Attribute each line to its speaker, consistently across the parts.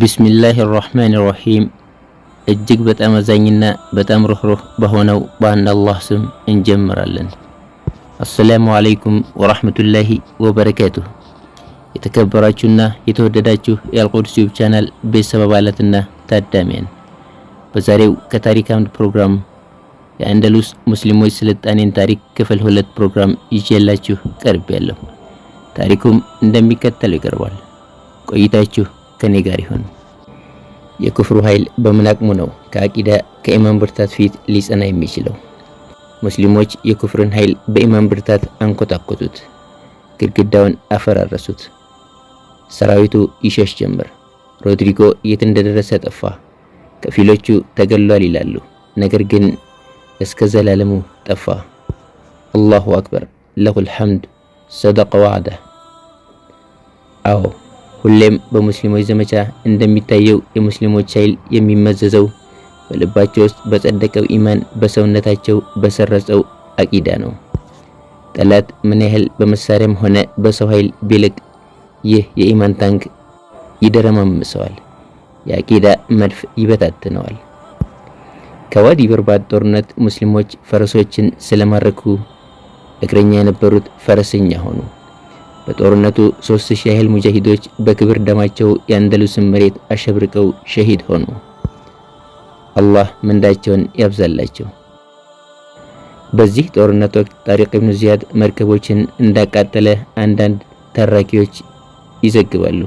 Speaker 1: ቢስሚላህ ራህማን ራሂም እጅግ በጣም አዛኝና በጣም ሩህሩህ በሆነው በአንድ አላህ ስም እንጀምራለን። አሰላሙ አለይኩም ወራህመቱላሂ ወበረካቱሁ። የተከበራችሁና የተወደዳችሁ የአልቁድስ ዩቲዩብ ቻናል ቤተሰብ አባላትና ታዳሚያን በዛሬው ከታሪክ አምድ ፕሮግራም የአንደሉስ ሙስሊሞች ስልጣኔን ታሪክ ክፍል ሁለት ፕሮግራም ይዤላችሁ ቀርቤያለሁ። ታሪኩም እንደሚከተለው ይቀርባል። ቆይታችሁ ከኔ ጋር ይሁን። የኩፍሩ ኃይል በምን አቅሙ ነው ከአቂዳ ከኢማን ብርታት ፊት ሊጸና የሚችለው? ሙስሊሞች የኩፍሩን ኃይል በኢማን ብርታት አንኮታኮቱት፣ ግድግዳውን አፈራረሱት። ሰራዊቱ ይሸሽ ጀምር! ሮድሪጎ የት እንደደረሰ ጠፋ። ከፊሎቹ ተገሏል ይላሉ፣ ነገር ግን እስከ ዘላለሙ ጠፋ። አላሁ አክበር፣ ለሁል ሐምድ፣ ሰደቀ ዋዕዳ። አዎ ሁሌም በሙስሊሞች ዘመቻ እንደሚታየው የሙስሊሞች ኃይል የሚመዘዘው በልባቸው ውስጥ በጸደቀው ኢማን፣ በሰውነታቸው በሰረጸው አቂዳ ነው። ጠላት ምን ያህል በመሳሪያም ሆነ በሰው ኃይል ቢልቅ ይህ የኢማን ታንክ ይደረማምሰዋል፣ የአቂዳ መድፍ ይበታትነዋል። ከዋዲ በርባድ ጦርነት ሙስሊሞች ፈረሶችን ስለማረኩ እግረኛ የነበሩት ፈረሰኛ ሆኑ። በጦርነቱ ሶስት ሺህ ያህል ሙጃሂዶች በክብር ደማቸው የአንደሉስን መሬት አሸብርቀው ሸሂድ ሆኑ። አላህ ምንዳቸውን ያብዛላቸው። በዚህ ጦርነት ወቅት ጣሪቅ ኢብኑ ዚያድ መርከቦችን እንዳቃጠለ አንዳንድ ተራኪዎች ይዘግባሉ።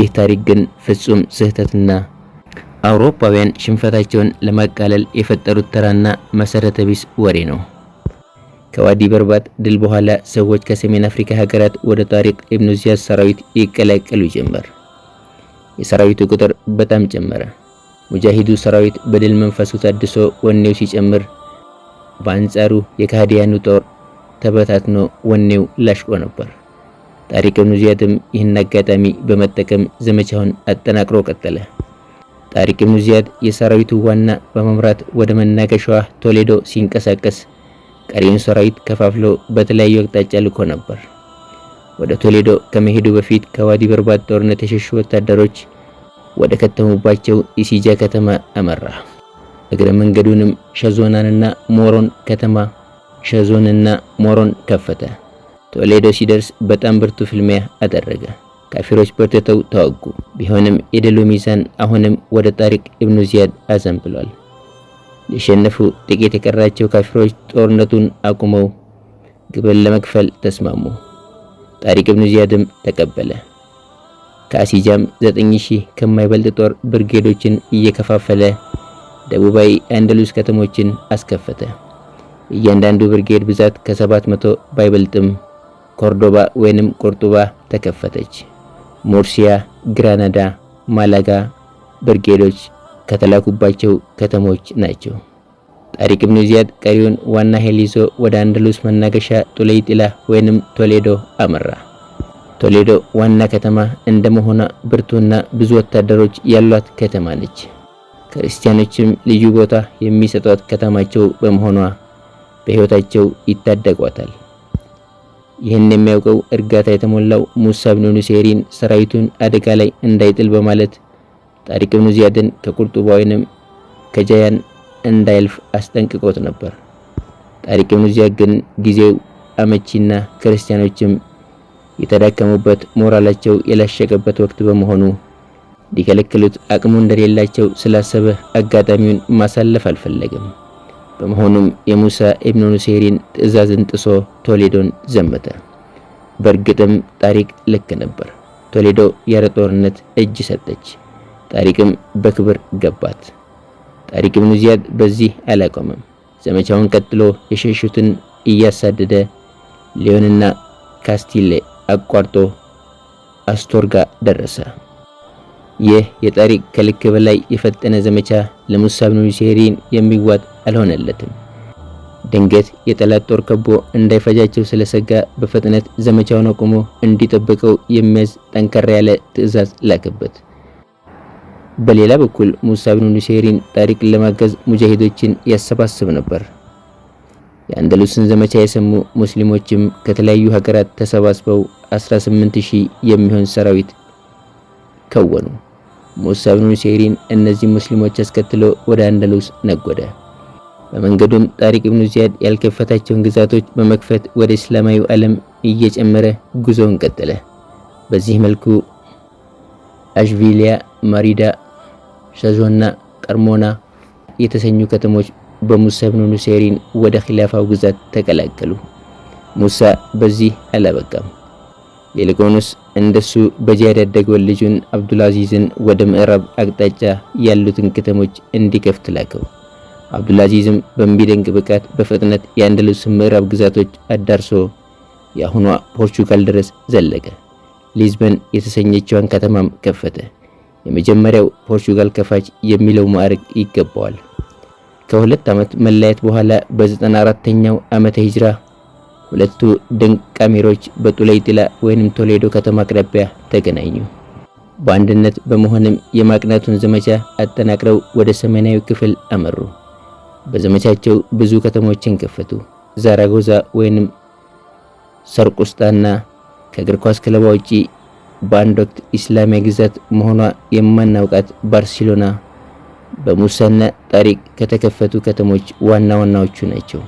Speaker 1: ይህ ታሪክ ግን ፍጹም ስህተትና አውሮፓውያን ሽንፈታቸውን ለማቃለል የፈጠሩት ተራና መሰረተ ቢስ ወሬ ነው። ከዋዲ በርባት ድል በኋላ ሰዎች ከሰሜን አፍሪካ ሀገራት ወደ ጣሪቅ ኢብኑ ዚያድ ሰራዊት ይቀላቀሉ ጀመር። የሰራዊቱ ቁጥር በጣም ጨመረ። ሙጃሂዱ ሰራዊት በድል መንፈሱ ታድሶ ወኔው ሲጨምር፣ በአንጻሩ የካህዲያኑ ጦር ተበታትኖ ወኔው ላሽቆ ነበር። ጣሪቅ ኢብኑ ዚያድም ይህን አጋጣሚ በመጠቀም ዘመቻውን አጠናቅሮ ቀጠለ። ጣሪቅ ኢብኑ ዚያድ የሰራዊቱ ዋና በመምራት ወደ መናገሻዋ ቶሌዶ ሲንቀሳቀስ ቀሪውን ሰራዊት ከፋፍሎ በተለያዩ አቅጣጫ ልኮ ነበር። ወደ ቶሌዶ ከመሄዱ በፊት ከዋዲ በርባት ጦርነት የሸሹ ወታደሮች ወደ ከተሙባቸው ኢሲጃ ከተማ አመራ። እግረ መንገዱንም ሸዞናንና ሞሮን ከተማ ሸዞንና ሞሮን ከፈተ። ቶሌዶ ሲደርስ በጣም ብርቱ ፍልሚያ አደረገ። ካፊሮች በርትተው ተዋጉ። ቢሆንም የድሉ ሚዛን አሁንም ወደ ጣሪቅ ኢብኑ ዚያድ አዘንብሏል። ሊሸነፉ ጥቂት የቀራቸው ካፊሮች ጦርነቱን አቁመው ግብር ለመክፈል ተስማሙ። ጣሪቅ ኢብኑ ዚያድም ተቀበለ። ከአሲጃም 9000 ከማይበልጥ ጦር ብርጌዶችን እየከፋፈለ ደቡባዊ አንደሉስ ከተሞችን አስከፈተ። እያንዳንዱ ብርጌድ ብዛት ከሰባት መቶ ባይበልጥም ኮርዶባ ወይንም ቁርጡባ ተከፈተች። ሙርሲያ፣ ግራናዳ፣ ማላጋ ብርጌዶች ከተላኩባቸው ከተሞች ናቸው። ጣሪቅ ኢብኑ ዚያድ ቀሪውን ዋና ኃይል ይዞ ወደ አንደሉስ መናገሻ ጡለይጢላ ወይንም ቶሌዶ አመራ። ቶሌዶ ዋና ከተማ እንደመሆኗ ብርቱና ብዙ ወታደሮች ያሏት ከተማ ነች። ክርስቲያኖችም ልዩ ቦታ የሚሰጧት ከተማቸው በመሆኗ በሕይወታቸው ይታደጓታል። ይህን የሚያውቀው እርጋታ የተሞላው ሙሳ ብኑ ኑሴሪን ሰራዊቱን አደጋ ላይ እንዳይጥል በማለት ጣሪቅ ብኑ ዚያድን ከቁርጡባ ወይንም ከጃያን እንዳይልፍ አስጠንቅቆት ነበር። ጣሪቅ ብኑ ዚያድ ግን ጊዜው አመቺና ክርስቲያኖችም የተዳከሙበት ሞራላቸው የላሸቀበት ወቅት በመሆኑ ሊከለክሉት አቅሙ እንደሌላቸው ስላሰበ አጋጣሚውን ማሳለፍ አልፈለገም። በመሆኑም የሙሳ ኢብኑ ኑሴይሪን ትዕዛዝን ጥሶ ቶሌዶን ዘመተ። በእርግጥም ጣሪቅ ልክ ነበር። ቶሌዶ ያለ ጦርነት እጅ ሰጠች። ጣሪቅም በክብር ገባት። ጣሪቅ ኢብኑ ዚያድ በዚህ አላቆመም። ዘመቻውን ቀጥሎ የሸሹትን እያሳደደ ሊዮንና ካስቲሌ አቋርጦ አስቶርጋ ደረሰ። ይህ የጣሪቅ ከልክ በላይ የፈጠነ ዘመቻ ለሙሳ ብኑ ሴሪን የሚዋጥ አልሆነለትም። ድንገት የጠላት ጦር ከቦ እንዳይፈጃቸው ስለሰጋ በፍጥነት ዘመቻውን አቁሞ እንዲጠብቀው የሚያዝ ጠንከር ያለ ትዕዛዝ ላከበት። በሌላ በኩል ሙሳ ብኑ ኑሴይርን ጣሪቅን ለማገዝ ሙጃሂዶችን ያሰባስብ ነበር። የአንደሉስን ዘመቻ የሰሙ ሙስሊሞችም ከተለያዩ ሀገራት ተሰባስበው 18000 የሚሆን ሰራዊት ከወኑ። ሙሳ ብኑ ኑሴይርን እነዚህ ሙስሊሞች አስከትሎ ወደ አንደሉስ ነጎደ። በመንገዱም ጣሪቅ ብኑ ዚያድ ያልከፈታቸውን ግዛቶች በመክፈት ወደ እስላማዊ ዓለም እየጨመረ ጉዞውን ቀጠለ። በዚህ መልኩ አሽቪሊያ፣ ማሪዳ፣ ሸዞና ቀርሞና የተሰኙ ከተሞች በሙሳ ብኑ ኑሴሪን ወደ ኺላፋው ግዛት ተቀላቀሉ። ሙሳ በዚህ አላበቃም። ይልቁንስ እንደሱ በጂሃድ ያደገውን ልጁን አብዱልአዚዝን ወደ ምዕራብ አቅጣጫ ያሉትን ከተሞች እንዲከፍት ላከው። አብዱልአዚዝም በሚደንቅ ብቃት በፍጥነት ልብስ ምዕራብ ግዛቶች አዳርሶ የአሁኗ ፖርቹጋል ድረስ ዘለቀ። ሊዝበን የተሰኘችዋን ከተማም ከፈተ። የመጀመሪያው ፖርቹጋል ከፋች የሚለው ማዕረግ ይገባዋል። ከሁለት ዓመት መለያየት በኋላ በ94ኛው ዓመተ ሂጅራ ሁለቱ ድንቅ ቀሚሮች በጡለይጥላ ወይንም ቶሌዶ ከተማ አቅራቢያ ተገናኙ። በአንድነት በመሆንም የማቅናቱን ዘመቻ አጠናቅረው ወደ ሰሜናዊ ክፍል አመሩ። በዘመቻቸው ብዙ ከተሞችን ከፈቱ። ዛራጎዛ ወይንም ሰርቁስጣና ከእግር ኳስ ክለባ ውጪ በአንድ ወቅት ኢስላሚያ ግዛት መሆኗ የማናውቃት ባርሴሎና በሙሰና ጣሪቅ ከተከፈቱ ከተሞች ዋና ዋናዎቹ ናቸው።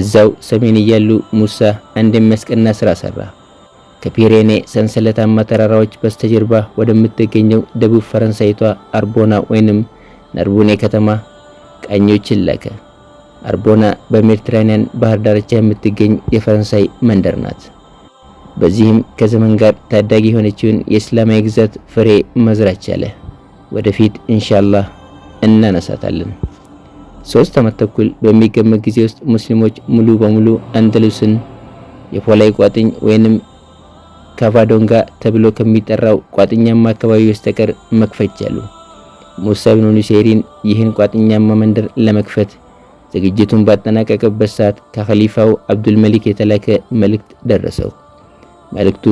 Speaker 1: እዛው ሰሜን እያሉ ሙሳ አንድ የሚያስቀና ስራ ሰራ። ከፒሬኔ ሰንሰለታማ ተራራዎች በስተጀርባ ወደምትገኘው ደቡብ ፈረንሳይቷ አርቦና ወይንም ነርቡኔ ከተማ ቃኞችን ላከ። አርቦና በሜዲትራኒያን ባህር ዳርቻ የምትገኝ የፈረንሳይ መንደር ናት። በዚህም ከዘመን ጋር ታዳጊ የሆነችውን የእስላማዊ ግዛት ፍሬ መዝራት ቻለ። ወደፊት ኢንሻአላህ እናነሳታለን። ሶስት ዓመት ተኩል በሚገመት ጊዜ ውስጥ ሙስሊሞች ሙሉ በሙሉ አንደሉስን የፖላይ ቋጥኝ ወይንም ካቫዶንጋ ተብሎ ከሚጠራው ቋጥኛማ አካባቢ በስተቀር መክፈት ቻሉ። ሙሳ ብኑ ኑሴይሪን ይህን ቋጥኛማ መንደር ለመክፈት ዝግጅቱን ባጠናቀቀበት ሰዓት ከኸሊፋው አብዱል የተላከ መልእክት ደረሰው። መልእክቱ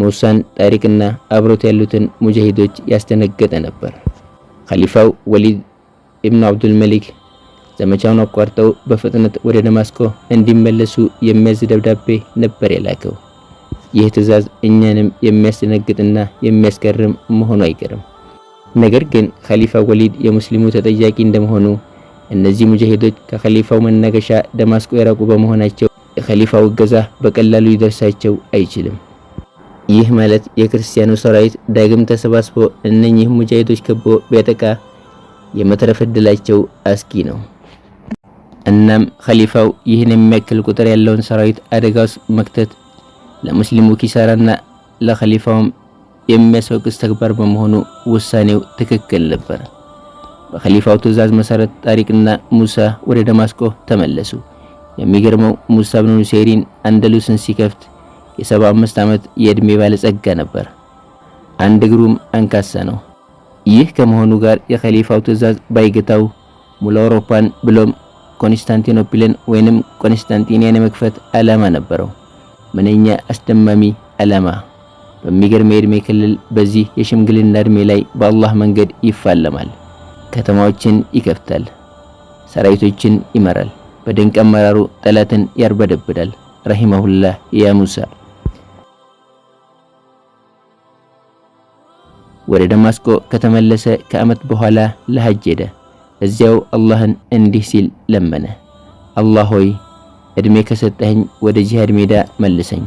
Speaker 1: ሙሳን ጣሪቅና አብሮት ያሉትን ሙጃሂዶች ያስደነገጠ ነበር። ኸሊፋው ወሊድ አብዱል አብዱልመሊክ ዘመቻውን አቋርጠው በፍጥነት ወደ ደማስቆ እንዲመለሱ የሚያዝ ደብዳቤ ነበር የላከው። ይህ ትዕዛዝ እኛንም የሚያስደነግጥና የሚያስገርም መሆኑ አይቀርም። ነገር ግን ኸሊፋ ወሊድ የሙስሊሙ ተጠያቂ እንደመሆኑ እነዚህ ሙጃሂዶች ከኸሊፋው መናገሻ ደማስቆ የራቁ በመሆናቸው የኸሊፋው እገዛ በቀላሉ ሊደርሳቸው አይችልም። ይህ ማለት የክርስቲያኑ ሰራዊት ዳግም ተሰባስቦ እነኚህ ሙጃሂዶች ከቦ ቢያጠቃ የመትረፍ እድላቸው አስጊ ነው። እናም ኸሊፋው ይህን የሚያክል ቁጥር ያለውን ሰራዊት አደጋ ውስጥ መክተት ለሙስሊሙ ኪሳራና ለኸሊፋውም የሚያስወቅስ ተግባር በመሆኑ ውሳኔው ትክክል ነበር። በኸሊፋው ትዕዛዝ መሰረት ጣሪቅና ሙሳ ወደ ደማስቆ ተመለሱ። የሚገርመው ሙሳ ብኑ ኑሴይሪን አንደሉስን ሲከፍት የ75 ዓመት የዕድሜ ባለጸጋ ነበር። አንድ እግሩም አንካሳ ነው። ይህ ከመሆኑ ጋር የኸሊፋው ትዕዛዝ ባይገታው ሙሉ አውሮፓን ብሎም ኮንስታንቲኖፕልን ወይንም ኮንስታንቲኒያን የመክፈት ዓላማ ነበረው። ምንኛ አስደማሚ ዓላማ! በሚገርም የዕድሜ ክልል በዚህ የሽምግልና ዕድሜ ላይ በአላህ መንገድ ይፋለማል። ከተማዎችን ይከፍታል፣ ሰራዊቶችን ይመራል። በድንቅ አመራሩ ጠላትን ያርበደብዳል። ረሂመሁላህ ያ ሙሳ። ወደ ደማስቆ ከተመለሰ ከዓመት በኋላ ለሐጅ ሄደ። እዚያው አላህን እንዲህ ሲል ለመነ። አላህ ሆይ እድሜ ከሰጠኸኝ ወደ ጂሃድ ሜዳ መልሰኝ፣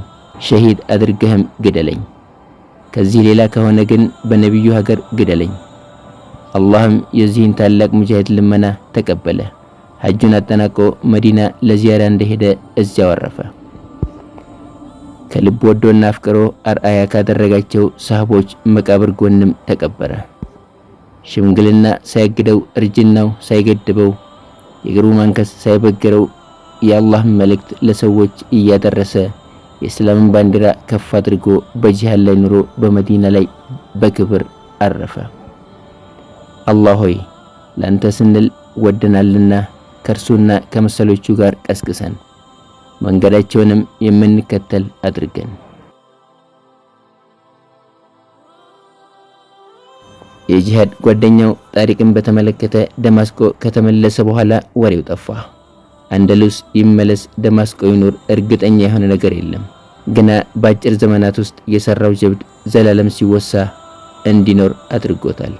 Speaker 1: ሸሂድ አድርገህም ግደለኝ። ከዚህ ሌላ ከሆነ ግን በነቢዩ ሀገር ግደለኝ። አላህም የዚህን ታላቅ ሙጃሂድ ልመና ተቀበለ። ሐጁን አጠናቆ መዲና ለዚያራ እንደሄደ እዚያው አረፈ። ከልብ ወዶና አፍቅሮ አርአያ ካደረጋቸው ሰሃቦች መቃብር ጎንም ተቀበረ። ሽምግልና ሳያግደው፣ እርጅናው ሳይገድበው፣ የእግሩ ማንከስ ሳይበግረው የአላህን መልእክት ለሰዎች እያደረሰ የእስላምን ባንዲራ ከፍ አድርጎ በጂሃድ ላይ ኑሮ በመዲና ላይ በክብር አረፈ። አላህ ሆይ ላንተ ስንል ወደናልና ከእርሱና ከመሰሎቹ ጋር ቀስቅሰን መንገዳቸውንም የምንከተል አድርገን የጂሃድ ጓደኛው ጣሪቅን በተመለከተ ደማስቆ ከተመለሰ በኋላ ወሬው ጠፋ። አንደሉስ ይመለስ፣ ደማስቆ ይኑር፣ እርግጠኛ የሆነ ነገር የለም። ግና በአጭር ዘመናት ውስጥ የሰራው ጀብድ ዘላለም ሲወሳ እንዲኖር አድርጎታል።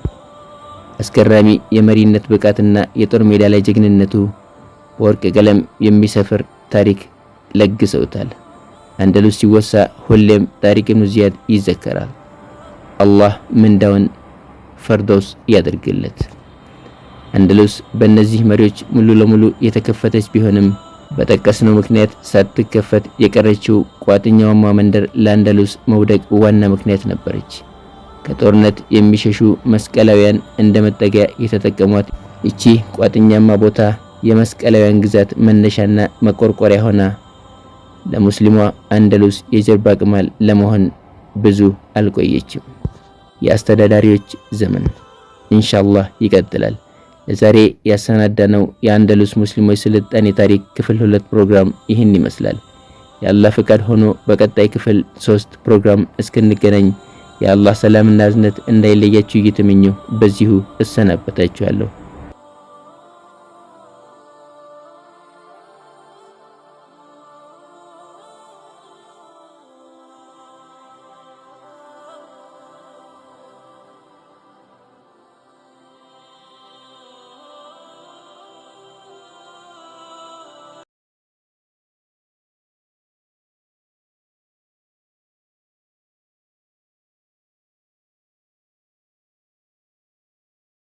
Speaker 1: አስገራሚ የመሪነት ብቃትና የጦር ሜዳ ላይ ጀግንነቱ በወርቅ ቀለም የሚሰፍር ታሪክ ለግሰውታል። አንደሉስ ሲወሳ ሁሌም ታሪክ ኢብኑ ዚያድ ይዘከራል። አላህ ምንዳውን ፈርዶስ ያደርግለት። አንደሉስ በእነዚህ መሪዎች ሙሉ ለሙሉ የተከፈተች ቢሆንም በጠቀስነው ምክንያት ሳትከፈት የቀረችው ቋጥኛዋማ መንደር ለአንደሉስ መውደቅ ዋና ምክንያት ነበረች። ከጦርነት የሚሸሹ መስቀላውያን እንደ መጠጊያ የተጠቀሟት ይቺ ቋጥኛማ ቦታ የመስቀላውያን ግዛት መነሻና መቆርቆሪያ ሆና ለሙስሊሟ አንደሉስ የጀርባ ቅማል ለመሆን ብዙ አልቆየችም። የአስተዳዳሪዎች ዘመን ኢንሻአላህ ይቀጥላል። ለዛሬ ያሰናዳነው የአንደሉስ ሙስሊሞች ስልጣኔ ታሪክ ክፍል ሁለት ፕሮግራም ይህን ይመስላል። ያላ ፈቃድ ሆኖ በቀጣይ ክፍል ሶስት ፕሮግራም እስክንገናኝ የአላህ ሰላምና እዝነት እንዳይለያችሁ እየተመኘሁ በዚሁ እሰናበታችኋለሁ።